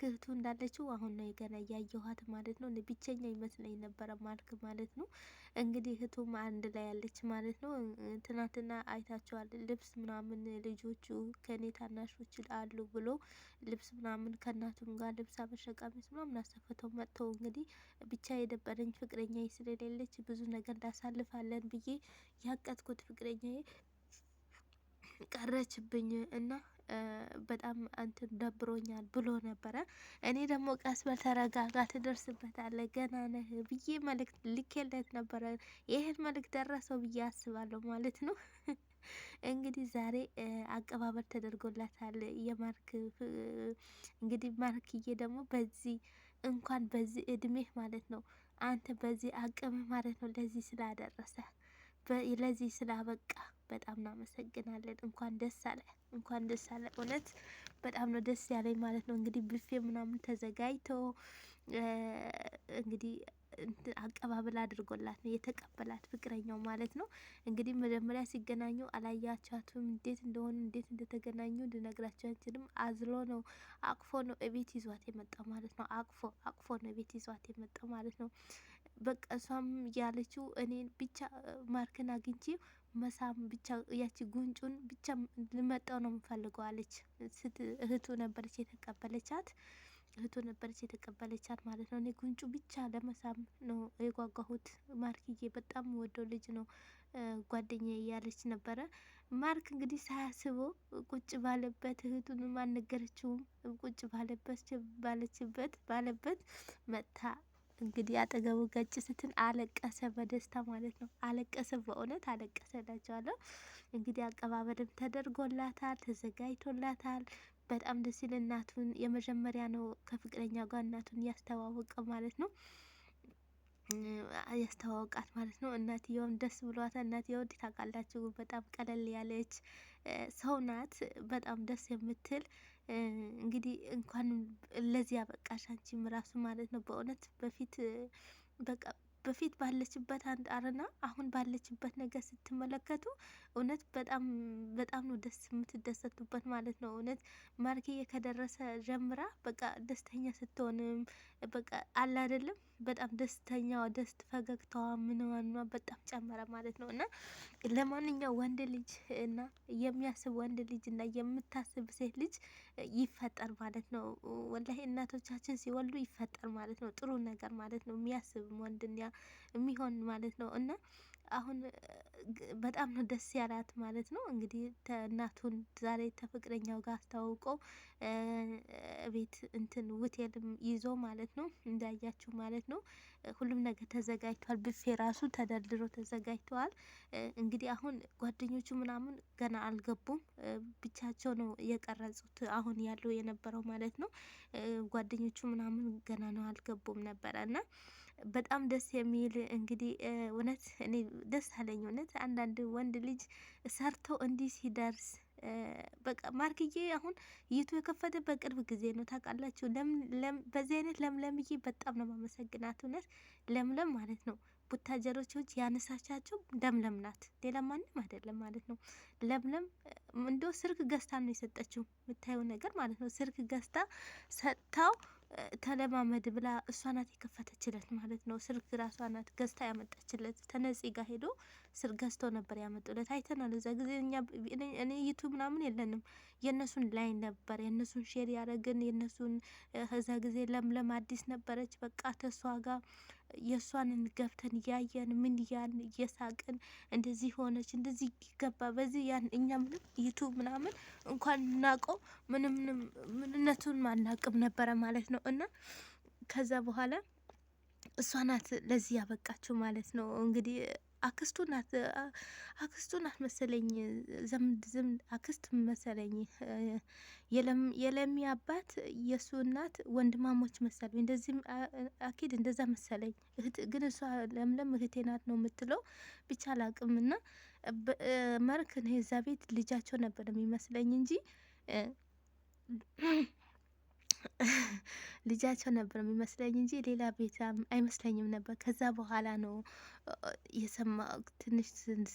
ክህቱ እንዳለችው አሁን ነው ገና እያየኋት ማለት ነው። ብቸኛ ይመስለኝ ነበረ ማርክ ማለት ነው። እንግዲህ እህቱም አንድ ላይ ያለች ማለት ነው። ትናንትና አይታችኋል። ልብስ ምናምን ልጆቹ ከኔ ታናሾች አሉ ብሎ ልብስ ምናምን ከእናቱም ጋር ልብስ አበሸቃሚስ ምናምን አሰፍተው መጥተው እንግዲህ ብቻ የደበረኝ ፍቅረኛ ስለሌለች ብዙ ነገር እንዳሳልፋለን ብዬ ያቀትኩት ፍቅረኛዬ ቀረችብኝ እና በጣም አንትን ደብሮኛል ብሎ ነበረ። እኔ ደግሞ ቀስ በል ተረጋጋ፣ ትደርስበታለህ ገና ነህ ብዬ መልእክት ልኬለት ነበረ። ይህን መልእክት ደረሰው ብዬ አስባለሁ ማለት ነው። እንግዲህ ዛሬ አቀባበል ተደርጎላታል የማርክ እንግዲህ ማርክዬ ደግሞ በዚህ እንኳን በዚህ እድሜህ ማለት ነው አንተ በዚህ አቅምህ ማለት ነው ለዚህ ስላደረሰ ለዚህ ስላበቃ በጣም እናመሰግናለን። እንኳን ደስ አለ፣ እንኳን ደስ አለ። እውነት በጣም ነው ደስ ያለኝ ማለት ነው። እንግዲህ ብፌ ምናምን ተዘጋጅቶ እንግዲህ አቀባበል አድርጎላት ነው የተቀበላት ፍቅረኛው ማለት ነው። እንግዲህ መጀመሪያ ሲገናኙ አላያቻትም። እንዴት እንደሆኑ እንዴት እንደተገናኙ ልነግራቸው አልችልም። አዝሎ ነው አቅፎ ነው እቤት ይዟት የመጣው ማለት ነው። አቅፎ አቅፎ ነው እቤት ይዟት የመጣው ማለት ነው። በቃ እሷም ያለችው እኔን ብቻ ማርክን አግኝቼ መሳም ብቻ ያቺ ጉንጩን ብቻ ልመጣው ነው የምፈልገው አለች። እህቱ ነበረች የተቀበለቻት እህቱ ነበረች የተቀበለቻት ማለት ነው። እኔ ጉንጩ ብቻ ለመሳም ነው የጓጓሁት። ማርክዬ በጣም ወደው ልጅ ነው ጓደኛ እያለች ነበረ። ማርክ እንግዲህ ሳያስበው ቁጭ ባለበት እህቱንም አልነገረችውም። ቁጭ ባለበት ባለችበት ባለበት መጥታ እንግዲህ አጠገቡ ገጭ ስትል አለቀሰ፣ በደስታ ማለት ነው። አለቀሰ፣ በእውነት አለቀሰ እላቸዋለሁ። እንግዲህ አቀባበልም ተደርጎላታል፣ ተዘጋጅቶላታል። በጣም ደስ ይል። እናቱን የመጀመሪያ ነው ከፍቅረኛ ጋር እናቱን እያስተዋወቀ ማለት ነው ያስተዋወቃት ማለት ነው። እናትየውም ደስ ብሏታል። እናትየው እንዲህ ታውቃላችሁ፣ በጣም ቀለል ያለች ሰው ናት። በጣም ደስ የምትል እንግዲህ እንኳን ለዚህ ያበቃሽ አንቺም ራሱ ማለት ነው። በእውነት በፊት በቃ በፊት ባለችበት አንጣርና አሁን ባለችበት ነገር ስትመለከቱ እውነት በጣም በጣም ነው ደስ የምትደሰቱበት ማለት ነው። እውነት ማርኬ ከደረሰ ጀምራ በቃ ደስተኛ ስትሆንም በቃ አለ አይደለም በጣም ደስተኛዋ ደስት ፈገግታዋ ምንዋኗ በጣም ጨመረ ማለት ነው። እና ለማንኛው ወንድ ልጅ እና የሚያስብ ወንድ ልጅ እና የምታስብ ሴት ልጅ ይፈጠር ማለት ነው። ወላሂ እናቶቻችን ሲወልዱ ይፈጠር ማለት ነው። ጥሩ ነገር ማለት ነው። የሚያስብ ወንድ የሚሆን ማለት ነው እና አሁን በጣም ነው ደስ ያላት ማለት ነው። እንግዲህ እናቱን ዛሬ ተፍቅረኛው ጋር አስተዋውቀው ቤት እንትን ውቴልም ይዞ ማለት ነው እንዳያችሁ ማለት ነው። ሁሉም ነገር ተዘጋጅቷል። ብፌ ራሱ ተደርድሮ ተዘጋጅተዋል። እንግዲህ አሁን ጓደኞቹ ምናምን ገና አልገቡም፣ ብቻቸው ነው የቀረጹት አሁን ያለው የነበረው ማለት ነው። ጓደኞቹ ምናምን ገና ነው አልገቡም ነበረ እና በጣም ደስ የሚል እንግዲህ እውነት እኔ ደስ አለኝ። እውነት አንዳንድ ወንድ ልጅ ሰርቶ እንዲህ ሲደርስ በቃ ማርክዬ አሁን ይቱ የከፈተ በቅርብ ጊዜ ነው ታውቃላችሁ። በዚህ አይነት ለምለምዬ በጣም ነው ማመሰግናት። እውነት ለምለም ማለት ነው ቡታጀሮች ያነሳቻቸው ለምለም ናት፣ ሌላ ማንም አይደለም ማለት ነው። ለምለም እንደ ስልክ ገዝታ ነው የሰጠችው የምታየው ነገር ማለት ነው። ስልክ ገዝታ ሰጥታው ተለማመድ ብላ እሷ ናት የከፈተችለት ማለት ነው። ስልክ ራሷ ናት ገዝታ ያመጣችለት። ተነጽ ጋር ሄዶ ስልክ ገዝተው ነበር ያመጡለት። አይተናል። እዛ ጊዜ እኛ እኔ ዩቱብ ምናምን የለንም። የእነሱን ላይ ነበር የእነሱን ሼር ያደረግን የእነሱን እዛ ጊዜ ለምለም አዲስ ነበረች። በቃ ተሷ ጋር የእሷንን ገብተን እያየን ምን እያልን እየሳቅን እንደዚህ ሆነች እንደዚህ ይገባ በዚህ ያን እኛ ምንም ዩቱብ ምናምን እንኳን እናቀው ምንም ምንነቱን ማናቅም ነበረ ማለት ነው። እና ከዛ በኋላ እሷ ናት ለዚህ ያበቃችው ማለት ነው እንግዲህ አክስቱ ናት አክስቱ ናት መሰለኝ፣ ዘምድ ዘምድ አክስት መሰለኝ። የለሚ አባት የእሱ እናት ወንድማሞች መሰለኝ፣ እንደዚህም አኪድ እንደዛ መሰለኝ። ግን እሷ ለምለም እህቴ ናት ነው የምትለው። ብቻ እና መርክ ነው የዛ ቤት ልጃቸው ነበር የሚመስለኝ እንጂ ልጃቸው ነበር የሚመስለኝ እንጂ ሌላ ቤት አይመስለኝም ነበር። ከዛ በኋላ ነው የሰማ ትንሽ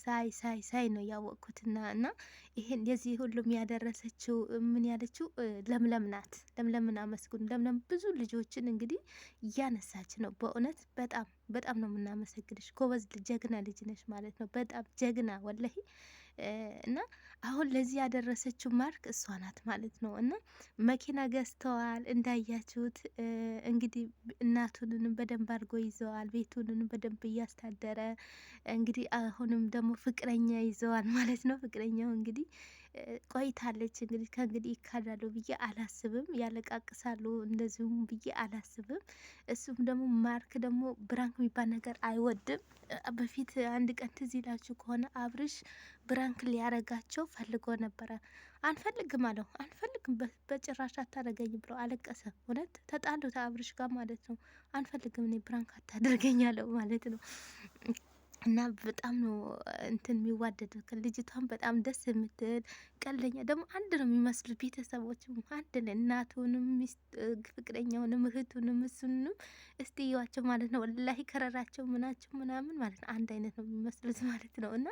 ሳይ ሳይ ሳይ ነው ያወቅኩትና እና ይሄን የዚህ ሁሉም ያደረሰችው ምን ያለችው ለምለም ናት። ለምለምን አመስግኑ። ለምለም ብዙ ልጆችን እንግዲህ እያነሳች ነው። በእውነት በጣም በጣም ነው የምናመሰግንሽ። ጎበዝ ጀግና ልጅ ነሽ ማለት ነው። በጣም ጀግና ወላሂ እና አሁን ለዚህ ያደረሰችው ማርክ እሷ ናት ማለት ነው። እና መኪና ገዝተዋል እንዳያችሁት። እንግዲህ እናቱንንም በደንብ አድርጎ ይዘዋል። ቤቱንንም በደንብ እያስታደረ እንግዲህ አሁንም ደግሞ ፍቅረኛ ይዘዋል ማለት ነው። ፍቅረኛው እንግዲህ ቆይታለች። እንግዲህ ከእንግዲህ ይካዳሉ ብዬ አላስብም። ያለቃቅሳሉ እንደዚሁም ብዬ አላስብም። እሱም ደግሞ ማርክ ደግሞ ብራንክ የሚባል ነገር አይወድም። በፊት አንድ ቀን ትዝ ይላችሁ ከሆነ አብርሽ ብራንክ ሊያረጋቸው ፈልጎ ነበረ። አንፈልግም አለው። አንፈልግም በጭራሽ አታደርገኝ ብለው አለቀሰ። እውነት ተጣሉት አብርሽ ጋር ማለት ነው። አንፈልግም እኔ ብራንክ አታደርገኝ አለው ማለት ነው። እና በጣም ነው እንትን የሚዋደድ ልጅቷን በጣም ደስ የምትል ቀልደኛ፣ ደግሞ አንድ ነው የሚመስሉት ቤተሰቦችም አንድ ነው። እናቱንም ፍቅረኛውንም እህቱንም እሱንም እስቲ እዩዋቸው ማለት ነው። ወላሂ ከረራቸው ምናቸው ምናምን ማለት ነው አንድ አይነት ነው የሚመስሉት ማለት ነው። እና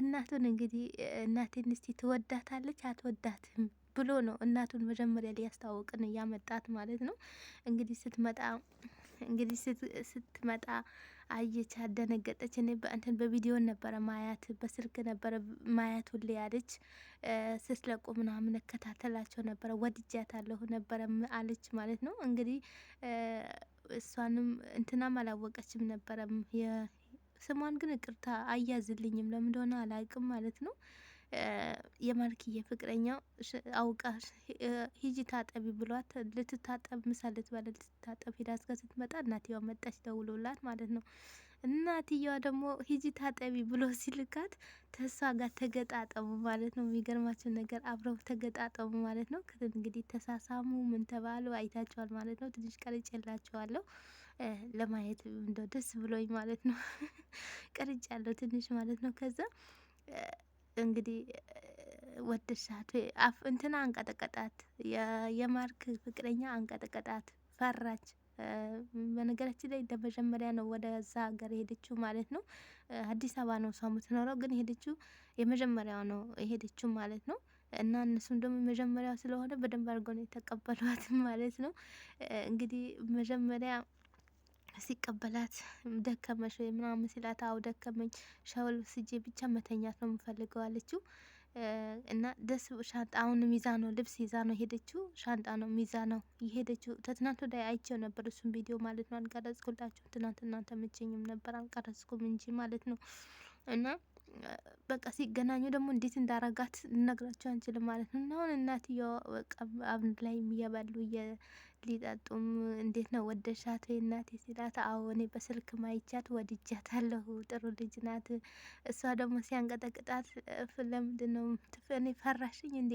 እናቱን እንግዲህ እናቴን እስቲ ትወዳታለች አትወዳትም ብሎ ነው እናቱን መጀመሪያ ሊያስተዋውቅን እያመጣት ማለት ነው። እንግዲህ ስትመጣ እንግዲህ ስትመጣ አየች፣ አደነገጠች። እኔ በእንትን በቪዲዮ ነበረ ማያት፣ በስልክ ነበረ ማያት ሁሌ ያለች ስትለቁ ምናምን እከታተላቸው ነበረ። ወድጃታለሁ ነበረ አለች ማለት ነው እንግዲህ እሷንም እንትናም አላወቀችም ነበረ። ስሟን ግን ቅርታ አያዝልኝም ለምን እንደሆነ አላውቅም ማለት ነው። የማርክዬ ፍቅረኛው አውቃ ሂጂ ታጠቢ ብሏት ልትታጠብ ምሳ ልትበላ ልትታጠብ ሄዳ እስከ ስትመጣ እናትየዋ መጣች ደውሎላት ማለት ነው። እናትየዋ ደግሞ ሂጂ ታጠቢ ብሎ ሲልካት ተሷ ጋር ተገጣጠሙ ማለት ነው። የሚገርማቸው ነገር አብረው ተገጣጠሙ ማለት ነው። እንግዲህ ተሳሳሙ ምን ተባሉ አይታቸዋል ማለት ነው። ትንሽ ቀርጬላቸዋለሁ ለማየት እንደው ደስ ብሎኝ ማለት ነው። ቀርጬ ያለው ትንሽ ማለት ነው ከዛ እንግዲህ ወደሻት እንትና አንቀጠቀጣት፣ የማርክ ፍቅረኛ አንቀጠቀጣት፣ ፈራች። በነገራችን ላይ ለመጀመሪያ ነው ወደዛ ሀገር የሄደችው ማለት ነው። አዲስ አበባ ነው እሷ የምትኖረው፣ ግን የሄደችው የመጀመሪያው ነው የሄደችው ማለት ነው። እና እነሱም ደግሞ የመጀመሪያው ስለሆነ በደንብ አድርገው ነው የተቀበሏት ማለት ነው። እንግዲህ መጀመሪያ ሲቀበላት ደከመሽ ወይ ምናምን ሲላት አዎ ደከመኝ፣ ሻወር ወስጄ ብቻ መተኛት ነው የምፈልገው አለችው። እና ደስ ሻንጣ አሁን ሚዛ ነው ልብስ ይዛ ነው ሄደችው። ሻንጣ ነው ሚዛ ነው የሄደችው። ተትናንት ወዲያ አይቼው ነበር እሱን ቪዲዮ ማለት ነው። አልቀረጽኩላችሁ ትናንት፣ እናንተ መቼኝም ነበር አልቀረጽኩም እንጂ ማለት ነው። እና በቃ ሲገናኙ ደግሞ እንዴት እንዳረጋት ልነግራቸው አንችልም ማለት ነው። እና አሁን እናትየው በቃ አብን ላይ እየበሉ ሊጠጡም እንዴት ነው ወደሻት ወይ እናቴ ሲላት፣ አዎ እኔ በስልክ ማይቻት ወድጃታለሁ፣ ጥሩ ልጅ ናት። እሷ ደግሞ ሲያንቀጠቅጣት ለምንድን ነው እኔ ፈራሽኝ እንዴ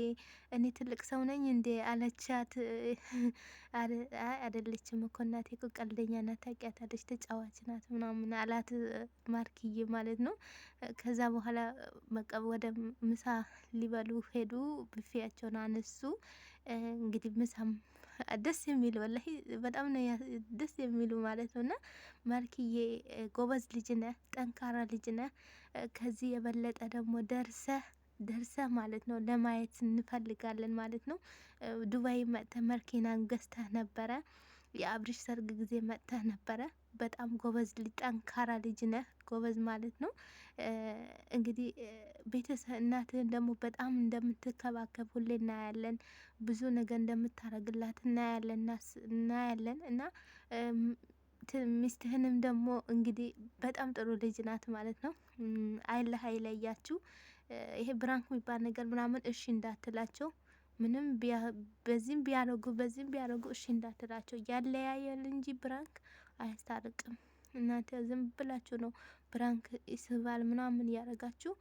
እኔ ትልቅ ሰው ነኝ እንዴ አለቻት። አይደለችም እኮ እናቴ እኮ ቀልደኛ ናት፣ ታውቂያታለች፣ ተጫዋች ናት ምናምን አላት ማርክዬ ማለት ነው። ከዛ በኋላ በቃ ወደ ምሳ ሊበሉ ሄዱ። ብፌያቸውን አነሱ። እንግዲህ ምሳም ደስ የሚል ወላ በጣም ነው ደስ የሚሉ ማለት ነው። እና ማርክዬ ጎበዝ ልጅ ነህ፣ ጠንካራ ልጅ ነህ። ከዚህ የበለጠ ደግሞ ደርሰህ ደርሰህ ማለት ነው ለማየት እንፈልጋለን ማለት ነው። ዱባይ መጥተህ መርኬናን ገዝተህ ነበረ። የአብርሽ ሰርግ ጊዜ መጥተህ ነበረ። በጣም ጎበዝ ልጅ፣ ጠንካራ ልጅ ነህ። ጎበዝ ማለት ነው እንግዲህ ቤተሰብ እናትህን ደግሞ በጣም እንደምትከባከብ ሁሌ እናያለን። ብዙ ነገር እንደምታደርግላት እናያለን እናያለን እና ሚስትህንም ደግሞ እንግዲህ በጣም ጥሩ ልጅ ናት ማለት ነው። አይለህ አይለያችሁ። ይሄ ብራንክ የሚባል ነገር ምናምን እሺ እንዳትላቸው ምንም በዚህም ቢያደርጉ በዚህም ቢያደርጉ እሺ እንዳትላቸው፣ ያለያያል እንጂ ብራንክ አያስታርቅም። እናንተ ዝም ብላችሁ ነው ብራንክ ይስባል ምናምን ያደረጋችሁ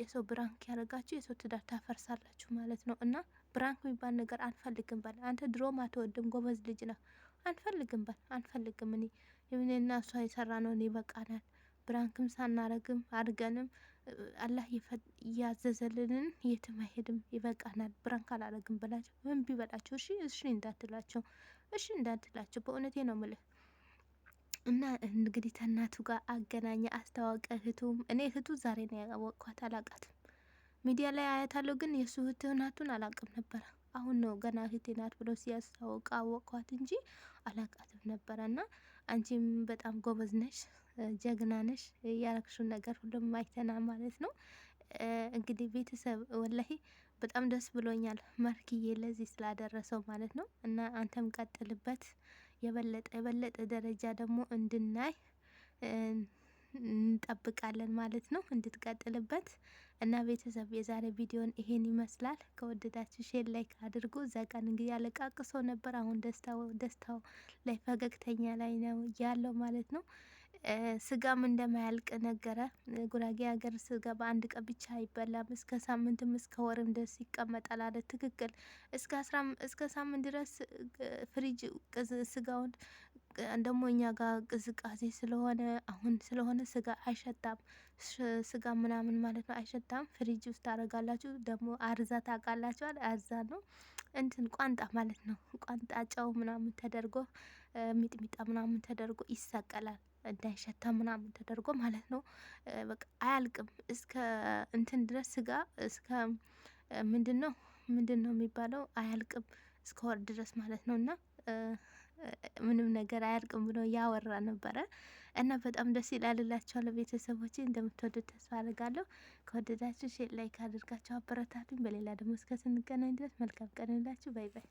የሰው ብራንክ ያደረጋችሁ የሰው ትዳር ታፈርሳላችሁ ማለት ነው። እና ብራንክ የሚባል ነገር አንፈልግም። በል አንተ ድሮም አትወድም፣ ጎበዝ ልጅ ነው። አንፈልግም፣ በል አንፈልግም። እኔ እና እሷ የሰራ ነው እኔ ይበቃናል። ብራንክም ሳናረግም አድገንም አላህ እያዘዘልንን የትም አይሄድም፣ ይበቃናል። ብራንክ አላረግም ብላችሁ ምን ቢበላችሁ እሺ እሺ እንዳትላቸው፣ እሺ እንዳትላቸው። በእውነቴ ነው ምልህ እና እንግዲህ ከእናቱ ጋር አገናኘ አስተዋወቀ። እህቱም እኔ እህቱ ዛሬ ነው ያወቅኳት፣ አላቃትም። ሚዲያ ላይ አያታለሁ ግን የእሱ እህት እናቱን አላቅም ነበረ። አሁን ነው ገና እህቴ ናት ብሎ ሲያስተዋወቀ አወቅኳት እንጂ አላቃትም ነበረ። እና አንቺም በጣም ጎበዝ ነሽ፣ ጀግና ነሽ። ያረግሽውን ነገር ሁሉም አይተና ማለት ነው። እንግዲህ ቤተሰብ ወላሂ በጣም ደስ ብሎኛል፣ ማርክዬ ለዚህ ስላደረሰው ማለት ነው። እና አንተም ቀጥልበት የበለጠ የበለጠ ደረጃ ደግሞ እንድናይ እንጠብቃለን ማለት ነው። እንድትቀጥልበት እና ቤተሰብ የዛሬ ቪዲዮን ይሄን ይመስላል። ከወደዳችሁ ሼር ላይክ አድርጉ። እዛ ቀን እንግዲህ ያለቃቅሰው ነበር። አሁን ደስታው ደስታው ላይ ፈገግተኛ ላይ ነው ያለው ማለት ነው። ስጋም እንደማያልቅ ነገረ። ጉራጌ ሀገር ስጋ በአንድ ቀን ብቻ አይበላም፣ እስከ ሳምንትም እስከ ወርም ድረስ ይቀመጣል አለ። ትክክል። እስከ ሳምንት ድረስ ፍሪጅ ስጋውን ደግሞ እኛ ጋር ቅዝቃዜ ስለሆነ አሁን ስለሆነ ስጋ አይሸታም፣ ስጋ ምናምን ማለት ነው አይሸታም። ፍሪጅ ውስጥ ታደርጋላችሁ። ደግሞ አርዛ ታውቃላችኋል? አርዛ ነው እንትን ቋንጣ ማለት ነው። ቋንጣ ጨው ምናምን ተደርጎ ሚጥሚጣ ምናምን ተደርጎ ይሰቀላል። እንዳይሸታ ምናምን ተደርጎ ማለት ነው። በቃ አያልቅም እስከ እንትን ድረስ ስጋ እስከ ምንድን ነው ምንድን ነው የሚባለው አያልቅም እስከ ወር ድረስ ማለት ነው እና ምንም ነገር አያልቅም ብሎ ያወራ ነበረ እና በጣም ደስ ይላልላቸዋለሁ። ቤተሰቦች እንደምትወዱት ተስፋ አድርጋለሁ። ከወደዳችሁ ሼር፣ ላይክ አድርጋችሁ አበረታቱኝ። በሌላ ደግሞ እስከ ስንገናኝ ድረስ መልካም ቀን ይላችሁ። ባይ ባይ።